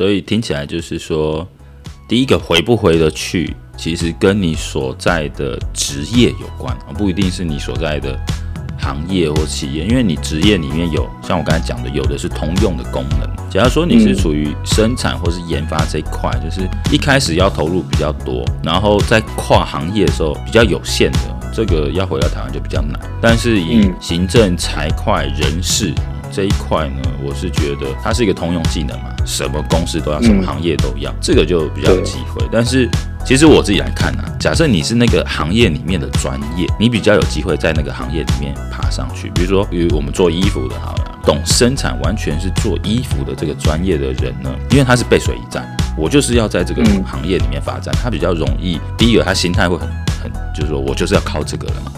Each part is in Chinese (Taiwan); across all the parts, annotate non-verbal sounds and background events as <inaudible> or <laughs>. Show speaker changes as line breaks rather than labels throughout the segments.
所以聽起來就是說，第一個回不回得去，其實跟你所在的職業有關，不一定是你所在的行業或企業，因為你職業裡面有像我剛才講的，有的是通用的功能。假如說你是屬於生產或是研發這一塊，就是一開始要投入比較多，然後在跨行業的時候比較有限的，這個要回到台灣就比較難。但是以行政、財會、人事。這一塊呢，我是覺得它是一個通用技能嘛，什麼公司都要，什麼行業都要，這個就比較有機會。但是其實我自己來看呢、啊，假設你是那個行業裡面的專業，你比較有機會在那個行業裡面爬上去。比如說，與我們做衣服的，好了，懂生產，完全是做衣服的這個專業的人呢，因為他是背水一戰，我就是要在這個行業裡面發展，他比較容易。第一個，他心態會很很，就是說我就是要靠這個了嘛。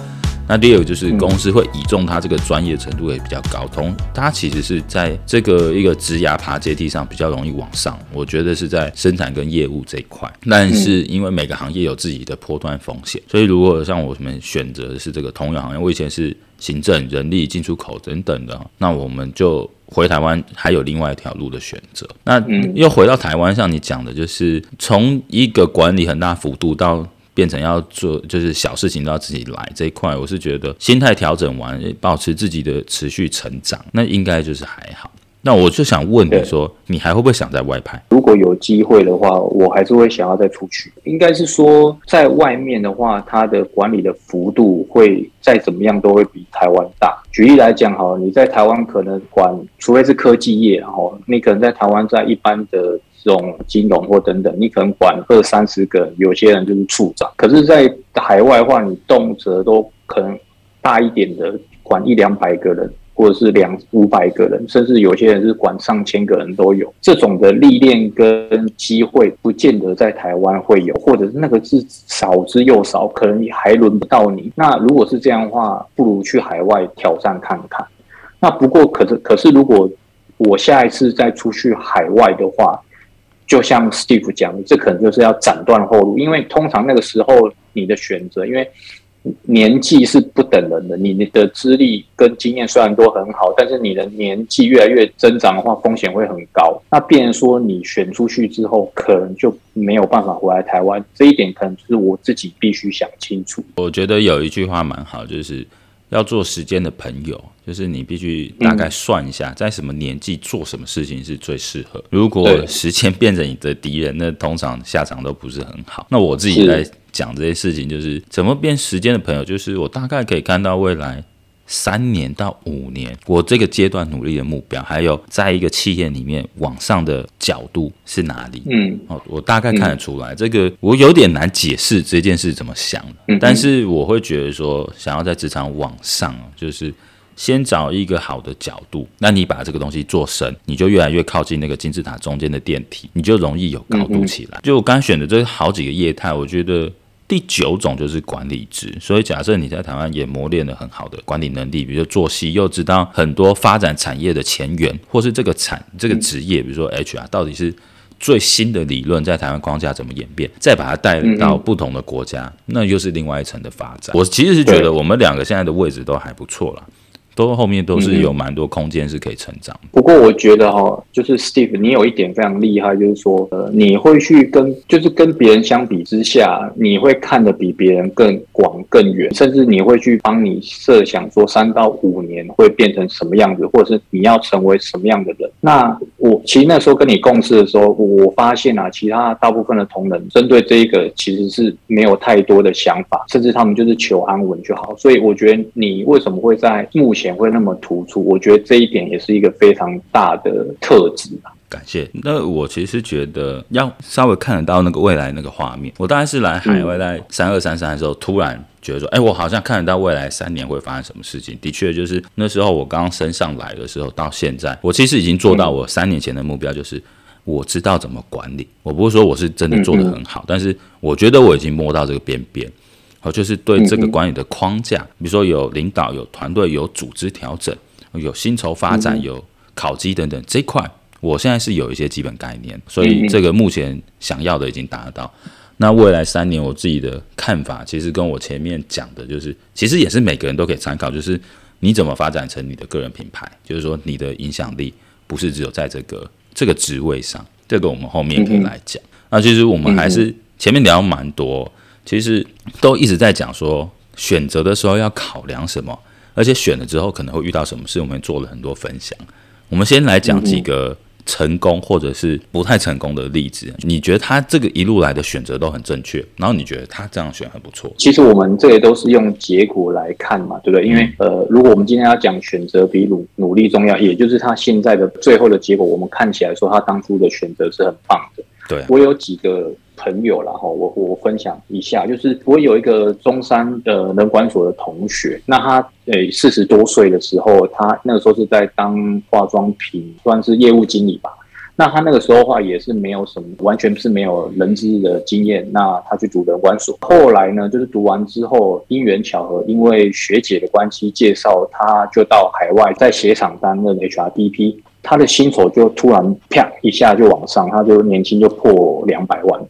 那第二個就是公司會倚重他這個專業，程度也比較高，同他其實是在這個一個職涯爬階梯上比較容易往上，我覺得是在生產跟業務這一塊。但是因為每個行業有自己的波段風險，所以如果像我們選擇的是這個通用行業，我以前是行政、人力、進出口等等的，那我們就回台灣還有另外一條路的選擇。那又回到台灣，像你講的就是從一個管理很大幅度到。變成要做就是小事情都要自己來這一塊，我是覺得心態調整完，保持自己的持續成長，那應該就是還好。那我就想問你說，對你還會不會想在外
派？如果有機會的話，我還是會想要再出去。應該是說，在外面的話，它的管理的幅度會再怎麼樣都會比台灣大。舉例來講，哈，你在台灣可能管，除非是科技業，然後你可能在台灣在一般的。這種金融或等等，你可能管二三十個人，有些人就是處長。可是，在海外的話，你動輒都可能大一點的，管一兩百個人，或者是兩五百個人，甚至有些人是管上千個人都有。這種的歷練跟機會，不見得在台灣會有，或者是那個是少之又少，可能還輪不到你。那如果是這樣的話，不如去海外挑戰看看。那不過可是，可是可是，如果我下一次再出去海外的話，就像 Steve 講，這可能就是要斬斷後路，因為通常那個時候你的選擇，因為年紀是不等人的，你的資歷跟經驗雖然都很好，但是你的年紀越來越增長的話，風險會很高。那變成說你選出去之後，可能就沒有辦法回來台灣，這一點可能就是我自己必須想清楚。
我覺得有一句話蠻好，就是要做時間的朋友。就是你必須大概算一下，在什麼年紀做什麼事情是最適合。如果時間變成你的敵人，那通常下場都不是很好。那我自己在講這些事情，就是怎麼變時間的朋友。就是我大概可以看到未來三年到五年，我這個階段努力的目標，還有在一個企業裡面往上的角度是哪裡。嗯，哦，我大概看得出來，這個我有點難解釋這件事怎麼想。但是我會覺得說，想要在職場往上，就是。先找一個好的角度，那你把這個東西做深，你就越來越靠近那個金字塔中間的電梯，你就容易有高度起來。嗯嗯，就我剛選的這好幾個業態，我覺得第九種就是管理職。所以假設你在台灣也磨練了很好的管理能力，比如說作息又知道很多發展產業的前緣，或是這個產、嗯、這個職業，比如說 HR，到底是最新的理論在台灣框架怎麼演變，再把它帶到不同的國家，嗯嗯，那又是另外一層
的發展。我其實是覺得
我們兩個現在的位置都還不錯了。都後面都是有蠻多空間是可以成長的，
嗯。不過我覺得哈，就是 Steve，你有一點非常厲害，就是說，呃，你會去跟，就是跟別人相比之下，你會看得比別人更廣。更遠，甚至你會去幫你設想說三到五年會變成什麼樣子，或者是你要成為什麼樣的人。那我其實那時候跟你共事的時候，我發現啊，其他大部分的同仁針對這一個其實是沒有太多的想法，甚至他們就是求安穩就好。所以我覺得你為什麼會在目前會那麼突出？我覺得這一點也是一個非常大的特質
感謝。那我其實覺得要稍微看得到那個未來那個畫面。我當然是來海外，在三二三三的時候，突然覺得說：“哎、欸，我好像看得到未來三年會發生什麼事情。”的確，就是那時候我剛剛升上來的時候，到現在，我其實已經做到我三年前的目標，就是我知道怎麼管理。我不是說我是真的做得很好，但是我覺得我已經摸到這個邊邊。好，就是對這個管理的框架，比如說有領導、有團隊、有組織調整、有薪酬發展、有考績等等這一塊。我現在是有一些基本概念，所以這個目前想要的已經達到。那未來三年我自己的看法，其實跟我前面講的，就是其實也是每個人都可以參考，就是你怎麼發展成你的個人品牌，就是說你的影響力不是只有在這個這個職位上，這個我們後面可以來講。那其實我們還是前面聊蠻多，其實都一直在講說，選擇的時候要考量什麼，而且選了之後可能會遇到什麼事，我們做了很多分享。我們先來講幾個。成功或者是不太成功的例子，你覺得他這個一路來的選擇都很正確，然後你覺得他這樣選很不錯。
其實我們這也都是用結果來看嘛，對不對？因為、嗯、呃，如果我們今天要講選擇比努努力重要，也就是他現在的最後的結果，我們看起來說他當初的選擇是很棒的。對、啊，我有幾個。朋友，然後我我分享一下，就是我有一個中山的人管所的同學，那他誒四十多歲的時候，他那個時候是在當化妝品，算是業務經理吧。那他那個時候話也是沒有什麼，完全是沒有人資的經驗。那他去讀人管所，後來呢，就是讀完之後，因緣巧合，因為學姐的關係介紹，他就到海外在鞋廠擔任 HRBP，他的薪酬就突然啪一下就往上，他就年薪就破兩百萬。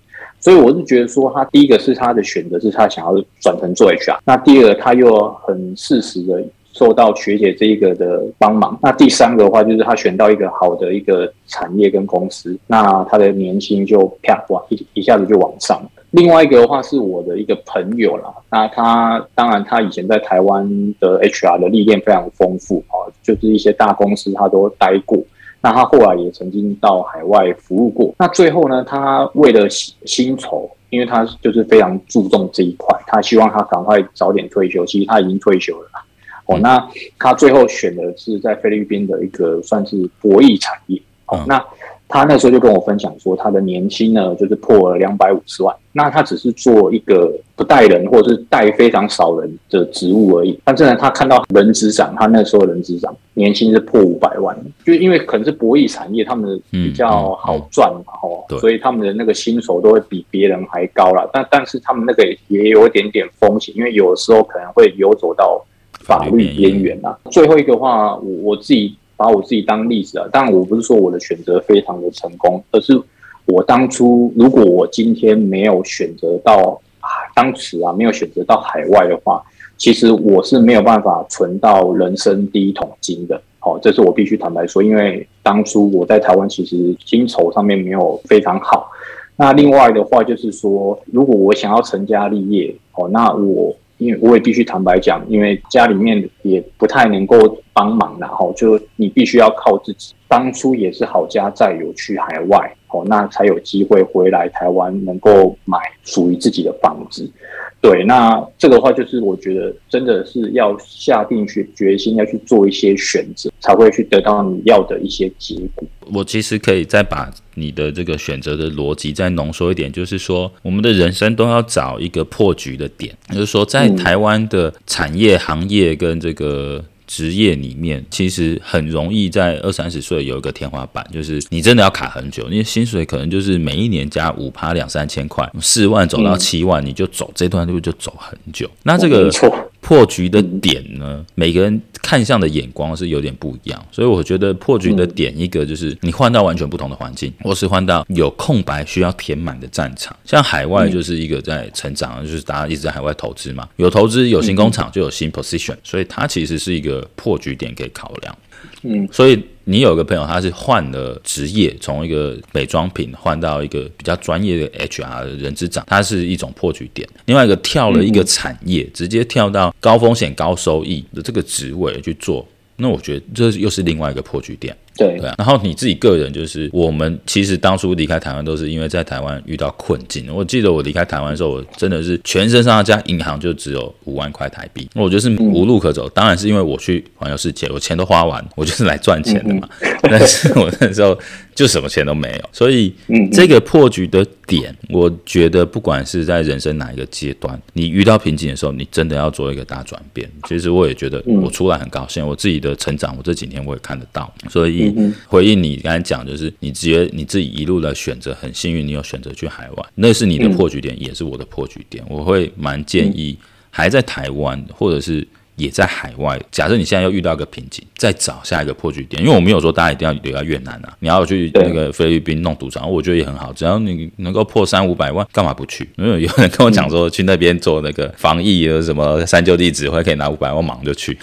所以我是覺得說，他第一個是他的選擇，是他想要轉成做 HR。那第二個，他又很適時的受到學姐這一個的幫忙。那第三個的話，就是他選到一個好的一個產業跟公司，那他的年薪就啪一一下子就往上。另外一個的話，是我的一個朋友啦，那他當然他以前在台灣的 HR 的歷練非常豐富，就是一些大公司他都待過。那他後來也曾經到海外服務過。那最後呢，他為了薪薪酬，因為他就是非常注重這一塊，他希望他趕快早點退休。其實他已經退休了。哦，那他最後選的是在菲律賓的一個算是博弈產業。哦，那他那時候就跟我分享說，他的年薪呢就是破了兩百五十萬。那他只是做一個不帶人，或者是帶非常少人的職務而已。但是呢，他看到人資漲，他那時候人資漲。年薪是破五百萬，就因為可能是博弈產業，他們的比較好賺嘛，吼，所以他們的那個薪酬都會比別人還高了。但但是他們那個也,也有一點點風險，因為有的時候可能會遊走到法律邊緣啊。異異最後一個話，我我自己把我自己當例子啊，當然我不是說我的選擇非常的成功，而是我當初如果我今天沒有選擇到、啊、當時啊沒有選擇到海外的話。其實我是沒有辦法存到人生第一桶金的，好，這是我必須坦白說，因為當初我在台灣其實薪酬上面沒有非常好。那另外的話就是說，如果我想要成家立業，好，那我因為我也必須坦白講，因為家裡面也不太能夠幫忙，然後就你必須要靠自己。當初也是好家在有去海外，好，那才有機會回來台灣，能夠買屬於自己的房子。對，那這個話就是我覺得真的是要下定決心要去做一些選擇，才會去得到你要的一些結果。
我其實可以再把你的這個選擇的邏輯再濃縮一點，就是說我們的人生都要找一個破局的點，就是說在台灣的產業行業跟這個。嗯職業裡面其實很容易在二三十歲有一個天花板，就是你真的要卡很久，因為薪水可能就是每一年加五趴兩三千塊，四萬走到七萬，嗯、你就走這段路就走很久。那這個。破局的點呢，嗯、每個人看向的眼光是有點不一樣，所以我覺得破局的點一個就是你換到完全不同的環境，或是換到有空白需要填滿的戰場，像海外就是一個在成長，嗯、就是大家一直在海外投資嘛，有投資有新工廠就有新 position，嗯、所以它其實是一個破局點可以考量。嗯，所以。你有一個朋友，他是換了職業，從一個美妝品換到一個比較專業的 HR 人資長，他是一種破局點。另外一個跳了一個產業，直接跳到高風險高收益的這個職位去做，那我覺得這又是另外一個破局點。對啊，然後你自己個人，就是，我們其實當初離開台灣都是因為在台灣遇到困境。我記得我離開台灣的時候，我真的是全身上下加銀行就只有五萬塊台幣，我覺得是無路可走。當然是因為我去環遊世界，我錢都花完，我就是來賺錢的嘛。嗯嗯 <laughs> 但是我那時候就什麼錢都沒有，所以這個破局的點，我覺得不管是在人生哪一個階段，你遇到瓶頸的時候，你真的要做一個大轉變。其實我也覺得我出來很高興，我自己的成長，我這幾年我也看得到。所以回應你剛才講，就是你直接你自己一路的選擇很幸運，你有選擇去海外，那是你的破局點，也是我的破局點。我會蠻建議還在台灣或者是。也在海外。假設你現在又遇到一個瓶頸，再找下一個破局點。因為我沒有說大家一定要留在越南啊，你要去那個菲律賓弄賭場，我覺得也很好。只要你能夠破三五百萬，幹嘛不去？因為有人跟我講說去那邊做那個防疫，啊、什麼三舅地指揮，可以拿五百萬忙就去。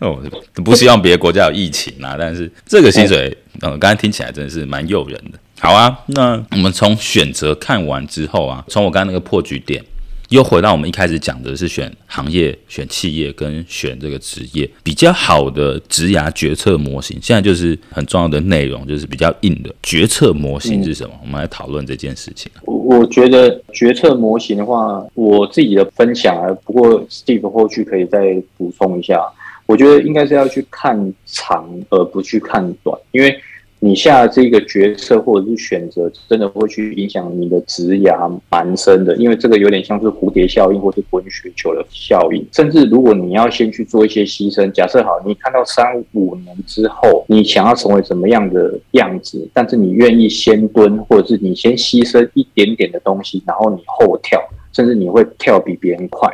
哦， <laughs> 不希望別的國家有疫情啊，但是這個薪水，嗯，剛才聽起來真的是蠻誘人的。好啊，那我們從選擇看完之後啊，從我剛剛那個破局點。又回到我們一開始講的是選行業、選企業跟選這個職業比較好的職涯決策模型。現在就是很重要的內容，就是比較硬的決策模型是什麼？嗯、我們來討論這件事情。我
我覺得決策模型的話，我自己的分享，不過 Steve 後續可以再補充一下。我覺得應該是要去看長，而不去看短，因為。你下的這個決策或者是選擇，真的會去影響你的職涯蠻深的，因為這個有點像是蝴蝶效應或者是滾雪球的效應。甚至如果你要先去做一些犧牲，假設好，你看到三五年之後你想要成為什麼樣的樣子，但是你願意先蹲，或者是你先犧牲一點點的東西，然後你後跳，甚至你會跳比別人快。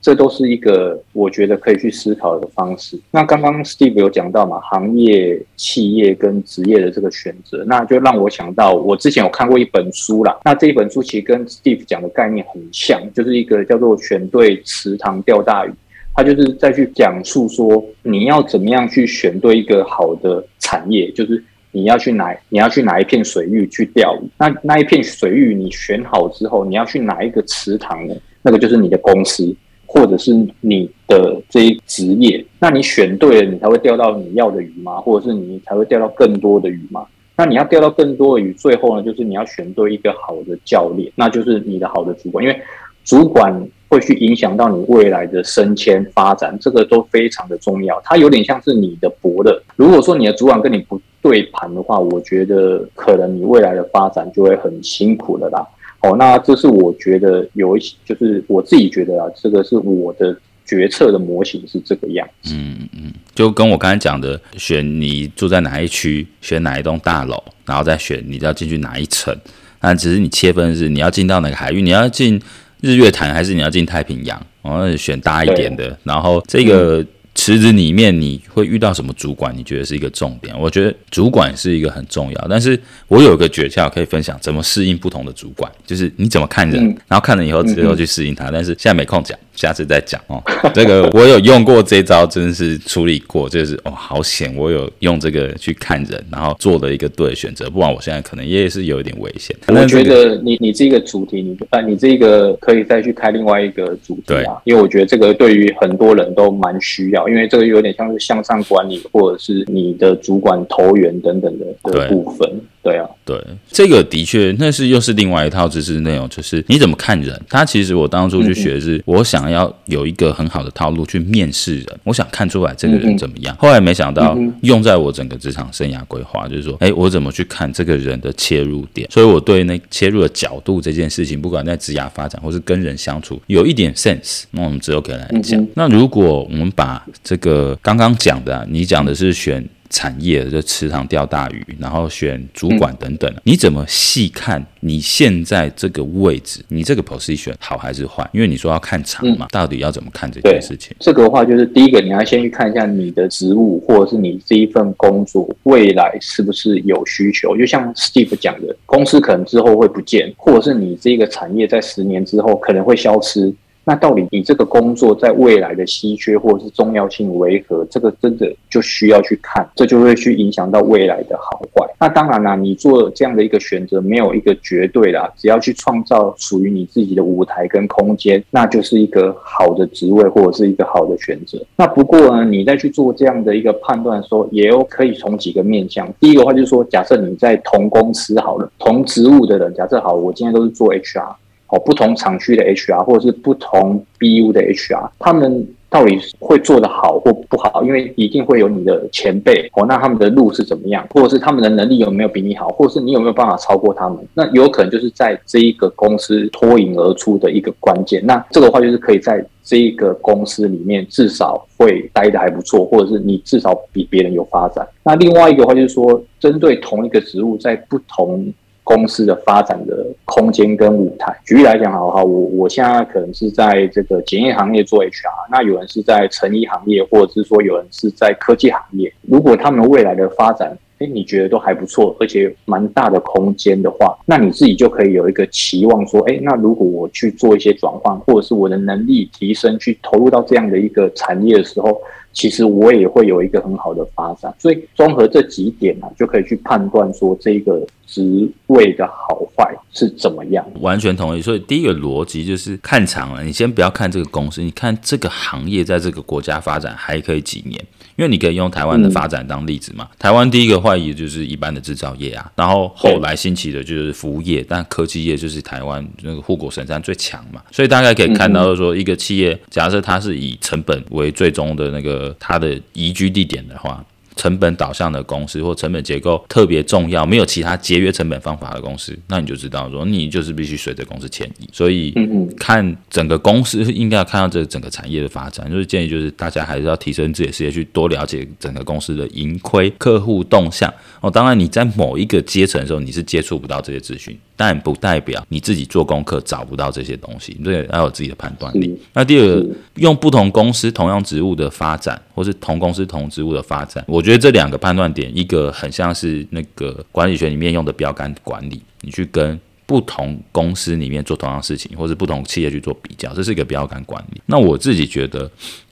這都是一個我覺得可以去思考的方式。那剛剛 Steve 有講到嘛，行業、企業跟職業的這個選擇，那就讓我想到我之前有看過一本書啦。那這一本書其實跟 Steve 講的概念很像，就是一個叫做“選對池塘釣大魚”。他就是再去講述說，你要怎麼樣去選對一個好的產業，就是你要去哪，你要去哪一片水域去釣魚。那那一片水域你選好之後，你要去哪一個池塘呢？那個就是你的公司。或者是你的這一職業，那你選對了，你才會釣到你要的魚嗎？或者是你才會釣到更多的魚嗎？那你要釣到更多的魚，最後呢，就是你要選對一個好的教練，那就是你的好的主管，因為主管會去影響到你未來的升遷發展，這個都非常的重要。它有點像是你的伯樂。如果說你的主管跟你不對盤的話，我覺得可能你未來的發展就會很辛苦了啦。哦，那這是我覺得有一些，就是我自己覺得啊，這個是我的決策的模型是這個樣子，嗯嗯，
就跟我剛才講的，選你住在哪一區，選哪一棟大樓，然後再選你要進去哪一層，那只是你切分是你要進到哪個海域，你要進日月潭還是你要進太平洋，我選大一點的，對然後這個。嗯池子裡面你會遇到什麼主管？你覺得是一個重點？我覺得主管是一個很重要，但是我有一個訣竅可以分享，怎麼適應不同的主管，就是你怎麼看人，嗯、然後看了以後之後去適應他。嗯、哼但是現在沒空講。下次再講哦，這個我有用過這招，真的是處理過，就是哦好險，我有用這個去看人，然後做了一個對的選擇，不然我現在可能也，也是有一點危險。那個，我覺得
你你這個主題，你啊你這個可以再去開另外一個主題啊，對因為我覺得這個對於很多人都蠻需要，因為這個有點像是向上管理或者是你的主管投緣等等的的部分。對
啊，對，這個的確，那是又是另外一套知識內容，就是你怎麼看人。他其實我當初去學，是我想要有一個很好的套路去面試人，我想看出來這個人怎麼樣。後來沒想到用在我整個職場生涯規劃，就是說，哎，我怎麼去看這個人的切入點？所以我對那切入的角度這件事情，不管在職涯發展或是跟人相處，有一點 sense，那我們之後可以來講。那如果我們把這個剛剛講的，啊，你講的是選。產業的就池塘釣大魚，然後選主管等等。你怎麼細看你現在這個位置，你這個 position 好還是壞？因為你說要看廠嘛，嗯，到底要怎麼看這件事情？
這個的話就是第一個，你要先去看一下你的職務，或者是你這一份工作未來是不是有需求。就像 Steve 講的，公司可能之後會不見，或者是你這個產業在十年之後可能會消失。那到底你這個工作在未來的稀缺或者是重要性為何？這個真的就需要去看，這就會去影響到未來的好壞。那當然啦、啊，你做這樣的一個選擇沒有一個絕對的，只要去創造屬於你自己的舞台跟空間，那就是一個好的職位或者是一個好的選擇。那不過呢，你再去做這樣的一個判斷的時候，也有可以從幾個面向。第一個話就是說，假設你在同公司好了，同職務的人，假設好，我今天都是做 HR。哦，不同廠區的 HR 或者是不同 BU 的 HR，他們到底會做得好或不好？因為一定會有你的前輩哦，那他們的路是怎麼樣，或者是他們的能力有沒有比你好，或者是你有沒有辦法超過他們？那有可能就是在這一個公司脫穎而出的一個關鍵。那這個話就是可以在這一個公司裡面至少會待得還不錯，或者是你至少比別人有發展。那另外一個話就是說，針對同一個職務在不同。公司的發展的空間跟舞台，舉例來講，好，好，我我現在可能是在這個檢驗行業做 HR，那有人是在成衣行業，或者是說有人是在科技行業，如果他們未來的發展。誒，你覺得都還不錯，而且蠻大的空間的話，那你自己就可以有一個期望說，誒，那如果我去做一些轉換，或者是我的能力提升，去投入到這樣的一個產業的時候，其實我也會有一個很好的發展。所以綜合這幾點呢、啊，就可以去判斷說這個職位的好壞是怎麼樣。
完全同意。所以第一個邏輯就是看長了，你先不要看這個公司，你看這個行業在這個國家發展還可以幾年。因為你可以用台灣的發展當例子嘛，台灣第一個壞也就是一般的制造業啊，然後後來興起的就是服務業，但科技業就是台灣那個護國神山最強嘛，所以大概可以看到說，一個企業假設它是以成本為最終的那個它的宜居地點的話。成本導向的公司或成本結構特別重要，沒有其他節約成本方法的公司，那你就知道說你就是必須隨着公司遷移。所以看整個公司，應該要看到這個整個產業的發展。就是建議，就是大家還是要提升自己的時間，去多了解整個公司的盈虧、客戶動向。哦，當然你在某一個階層的時候，你是接觸不到這些資訊，但不代表你自己做功課找不到這些東西，所以要有自己的判斷力。那第二個，用不同公司同樣職務的發展。或是同公司同職務的發展，我覺得這兩個判斷點，一個很像是那個管理學裡面用的標杆管理，你去跟不同公司裡面做同樣事情，或是不同企業去做比較，這是一個標杆管理。那我自己覺得，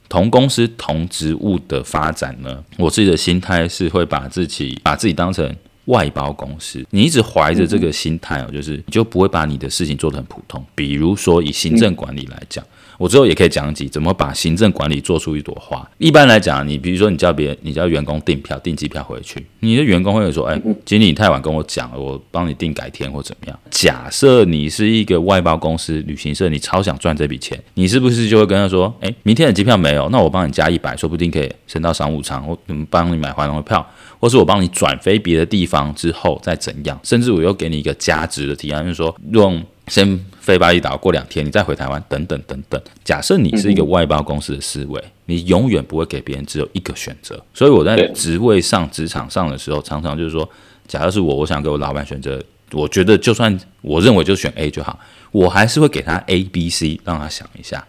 同公司同職務的發展呢，我自己的心態是會把自己把自己當成。外包公司，你一直懷着這個心態哦，就是你就不會把你的事情做得很普通。比如說以行政管理來講，我之後也可以講一集怎麼把行政管理做出一朵花。一般來講，你比如說你叫別人，你叫員工訂票訂機票回去，你的員工會有說，哎、欸，經理你太晚跟我講了，我幫你訂改天或怎麼樣。假設你是一個外包公司、旅行社，你超想賺這筆錢，你是不是就會跟他說，哎、欸，明天的機票沒有，那我幫你加一百，說不定可以升到商務艙，我怎麼幫你買回龍的票。或是我幫你轉飛別的地方之後再怎樣，甚至我又給你一個加值的提案，就是說用先飛巴厘島過兩天，你再回台灣等等等等。假設你是一個外包公司的思維，嗯嗯，你永遠不會給別人只有一個選擇。所以我在職位上、職對場上的時候，常常就是說，假如是我，我想給我老闆選擇，我覺得就算我認為就選 A 就好，我還是會給他 A、B、C，讓他想一下。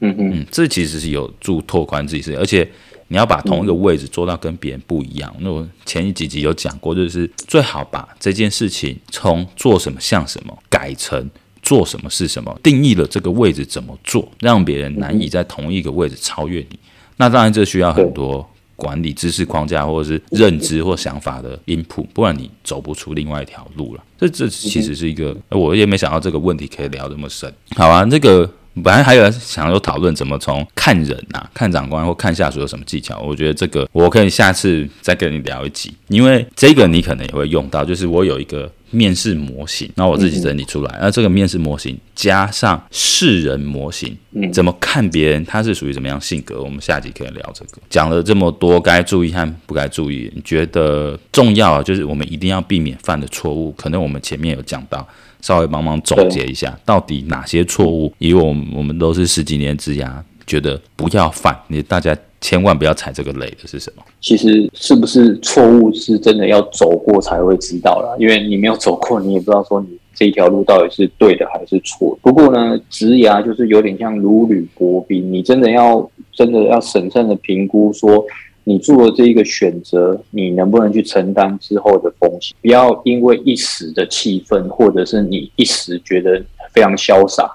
嗯嗯，嗯，
這其實是有助拓寬自己視野，而且。你要把同一個位置做到跟別人不一樣。那我前一集有講過，就是最好把這件事情從做什麼像什麼改成做什麼是什麼，定義了這個位置怎麼做，讓別人難以在同一個位置超越你。那當然這需要很多管理知識框架，或者是認知或想法的 input，不然你走不出另外一條路了。這這其實是一個，我也沒想到這個問題可以聊這麼深。好啊，這、那個。本來還有想說討論怎麼從看人啊、看長官或看下屬有什麼技巧，我覺得這個我可以下次再跟你聊一集，因為這個你可能也會用到，就是我有一個面試模型，然後我自己整理出來，嗯嗯，那這個面試模型加上識人模型，怎麼看別人他是屬於什麼樣性格，我們下集可以聊這個。講了這麼多，該注意和不該注意，你覺得重要就是我們一定要避免犯的錯誤，可能我們前面有講到。稍微幫忙，忙總結一下，對到底哪些錯誤，以我們我們都是十幾年職涯，覺得不要犯，你大家千萬不要踩這個雷的
是什麼？其實是不是錯誤，是真的要走過才會知道啦。因為你沒有走過，你也不知道說你這一條路到底是對的還是錯。不過呢，職涯就是有點像如履薄冰，你真的要真的要審慎的評估說。你做了這一個選擇，你能不能去承擔之後的風險？不要因為一時的氣憤，或者是你一時覺得非常瀟灑，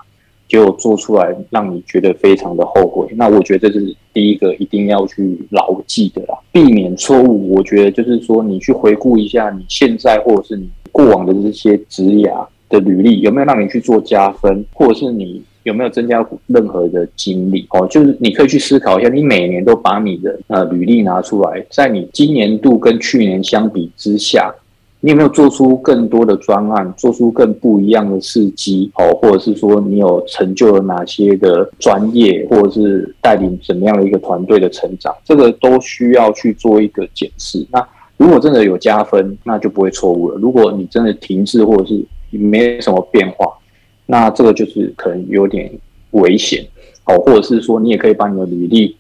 就做出來讓你覺得非常的後悔。那我覺得這是第一個一定要去牢記的啦，避免錯誤。我覺得就是說，你去回顧一下你現在或者是你過往的這些職業的履歷，有沒有讓你去做加分，或者是你。有沒有增加任何的經歷？哦，就是你可以去思考一下，你每年都把你的呃履歷拿出來，在你今年度跟去年相比之下，你有沒有做出更多的專案，做出更不一樣的事蹟？哦，或者是說你有成就了哪些的專業，或者是帶領怎麼樣的一個團隊的成長？這個都需要去做一個檢視。那如果真的有加分，那就不會錯誤了。如果你真的停滯，或者是沒什麼變化。那這個就是可能有點危險，好，或者是說你也可以把你的履歷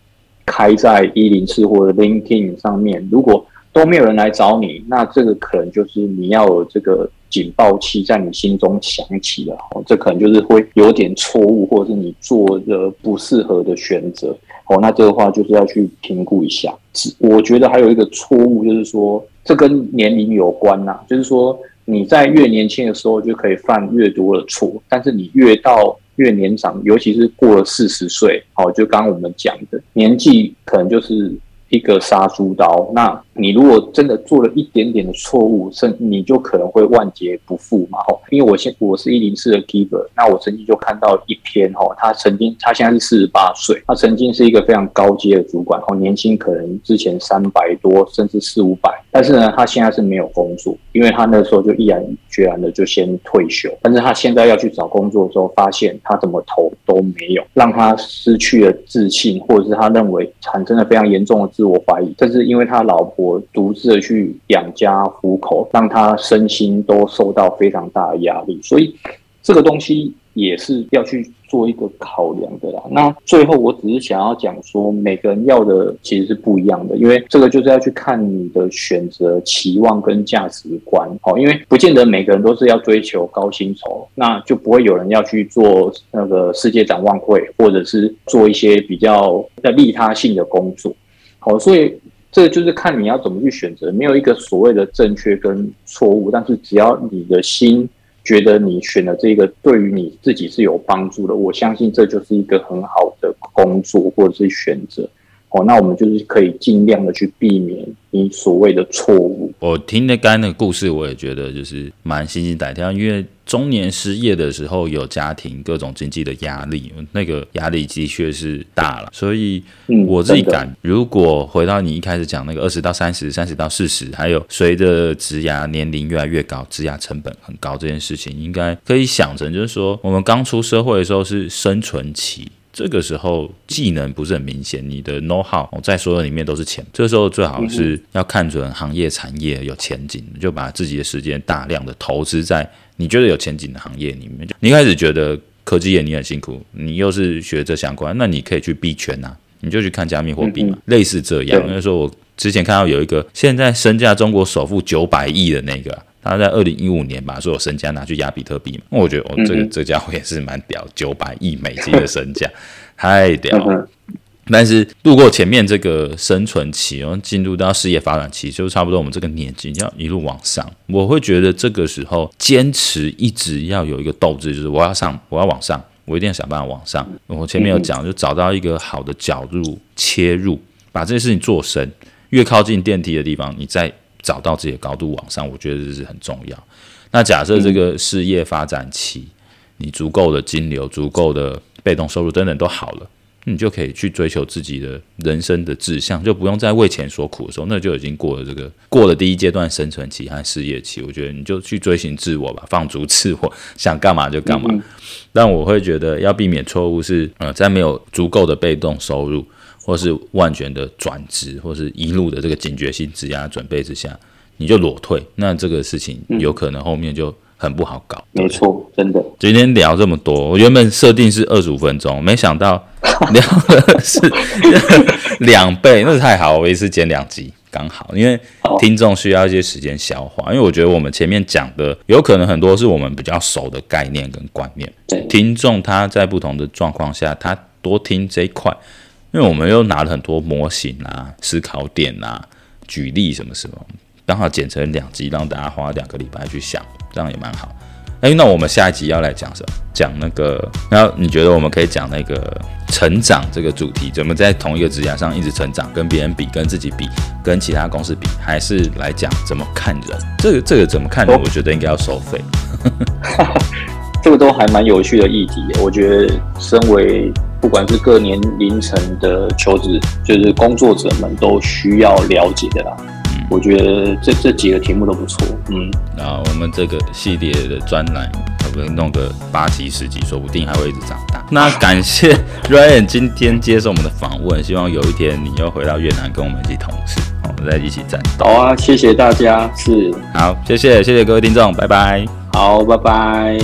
開在一零四或者 LinkedIn 上面。如果都沒有人來找你，那這個可能就是你要有這個警報器在你心中響起了，哦，這可能就是會有點錯誤，或者是你做的不適合的選擇，好，那這個話就是要去評估一下。我覺得還有一個錯誤就是說，這跟年齡有關吶，啊，就是說。你在越年輕的時候，就可以犯越多的錯，但是你越到越年長，尤其是過了四十歲，好，就剛剛我們講的年紀，可能就是一個殺豬刀。那。你如果真的做了一點點的錯誤，甚你就可能會萬劫不復嘛吼！因為我先我是一零四的 keeper，那我曾經就看到一篇吼，他曾經他現在是四十八歲，他曾經是一個非常高階的主管，吼，年薪可能之前三百多，甚至四五百，但是呢，他現在是沒有工作，因為他那時候就毅然決然的就先退休，但是他現在要去找工作的時候，發現他怎麼投都沒有，讓他失去了自信，或者是他認為產生了非常嚴重的自我懷疑，這是因為他老婆。我獨自的去養家糊口，讓他身心都受到非常大的壓力，所以這個東西也是要去做一個考量的啦。那最後，我只是想要講說，每個人要的其實是不一樣的，因為這個就是要去看你的選擇、期望跟價值觀。好，因為不見得每個人都是要追求高薪酬，那就不會有人要去做那個世界展望會，或者是做一些比較比較利他性的工作。好，所以。這就是看你要怎麼去選擇，沒有一個所謂的正確跟錯誤，但是只要你的心覺得你選的這個對於你自己是有幫助的，我相信這就是一個很好的工作或者是選擇。哦，oh, 那我們就是可以盡量的去避免你所謂的錯誤。
我聽了剛才那個故事，我也覺得就是蠻心驚膽跳，因為中年失業的時候有家庭各種經濟的壓力，那個壓力的確是大了。所以我自己感，嗯、如果回到你一開始講那個二十到三十、三十到四十，還有隨着職涯年齡越來越高，職涯成本很高這件事情，應該可以想成就是說，我們剛出社會的時候是生存期。這個時候技能不是很明顯，你的 know how 在所有裡面都是錢。這個時候最好是要看準行業產業有前景，就把自己的時間大量的投資在你覺得有前景的行業裡面。就你一開始覺得科技業你很辛苦，你又是學這相關，那你可以去幣圈吶、啊，你就去看加密貨幣嘛，嗯嗯類似這樣。對因為說我之前看到有一個現在身價中國首富九百億的那個、啊。他在二零一五年把所有身家拿去押比特幣那我覺得哦，這個嗯嗯這家伙也是蠻屌，九百億美金的身家， <laughs> 太屌了。但是度過前面這個生存期然後進入到事業發展期，就差不多我們這個年紀要一路往上。我會覺得這個時候堅持一直要有一個鬥志，就是我要上，我要往上，我一定要想辦法往上。我前面有講，就找到一個好的角度切入，把這些事情做深，越靠近電梯的地方，你在。找到自己的高度往上，我覺得這是很重要。那假設這個事業發展期，嗯、你足夠的金流，足夠的被動收入等等都好了，你就可以去追求自己的人生的志向，就不用再為錢所苦的時候，那就已經過了這個過了第一階段生存期和事業期。我覺得你就去追尋自我吧，放逐自我，想幹嘛就幹嘛。嗯嗯。但我會覺得要避免錯誤是，呃，在沒有足夠的被動收入。或是萬全的轉職，或是一路的這個警覺性、質壓準備之下，你就裸退，那這個事情有可能後面就很不好搞。嗯、對沒錯，真的。今天聊這麼多，我原本設定是二十五分鐘，沒想到聊的是 <laughs> <laughs> 兩倍，那太好，我一次剪兩集剛好，因為聽眾需要一些時間消化。因為我覺得我們前面講的，有可能很多是我們比較熟的概念跟觀念，對聽眾他在不同的狀況下，他多聽這一塊。因為我們又拿了很多模型啊、思考點啊、舉例什麼什麼，剛好剪成兩集，讓大家花兩個禮拜去想，這樣也蠻好。哎、欸，那我們下一集要來講什麼？講那個，那你覺得我們可以講那個成長這個主題，怎麼在同一個職涯上一直成長？跟別人比，跟自己比，跟其他公司比，還是來講怎麼看人？這個這個怎麼看人？我覺得應該要
收費。 <laughs> 這個都還蠻有趣的議題，我覺得身為，不管是各年齡層的求職，就是工作者們都需要了解的啦。嗯、我覺得這這幾個題目都不錯。嗯，那、嗯、我們這個
系列的專欄，可不可以弄個八集十集，說不定還會一直長大。那感謝 Ryan 今天接受我們的訪問，希望有一天你又回到越南跟我們一起同事、哦，我們再一起戰
鬥。好啊，謝謝大家，是
好，謝謝，謝謝各位聽眾，拜
拜。好，拜拜。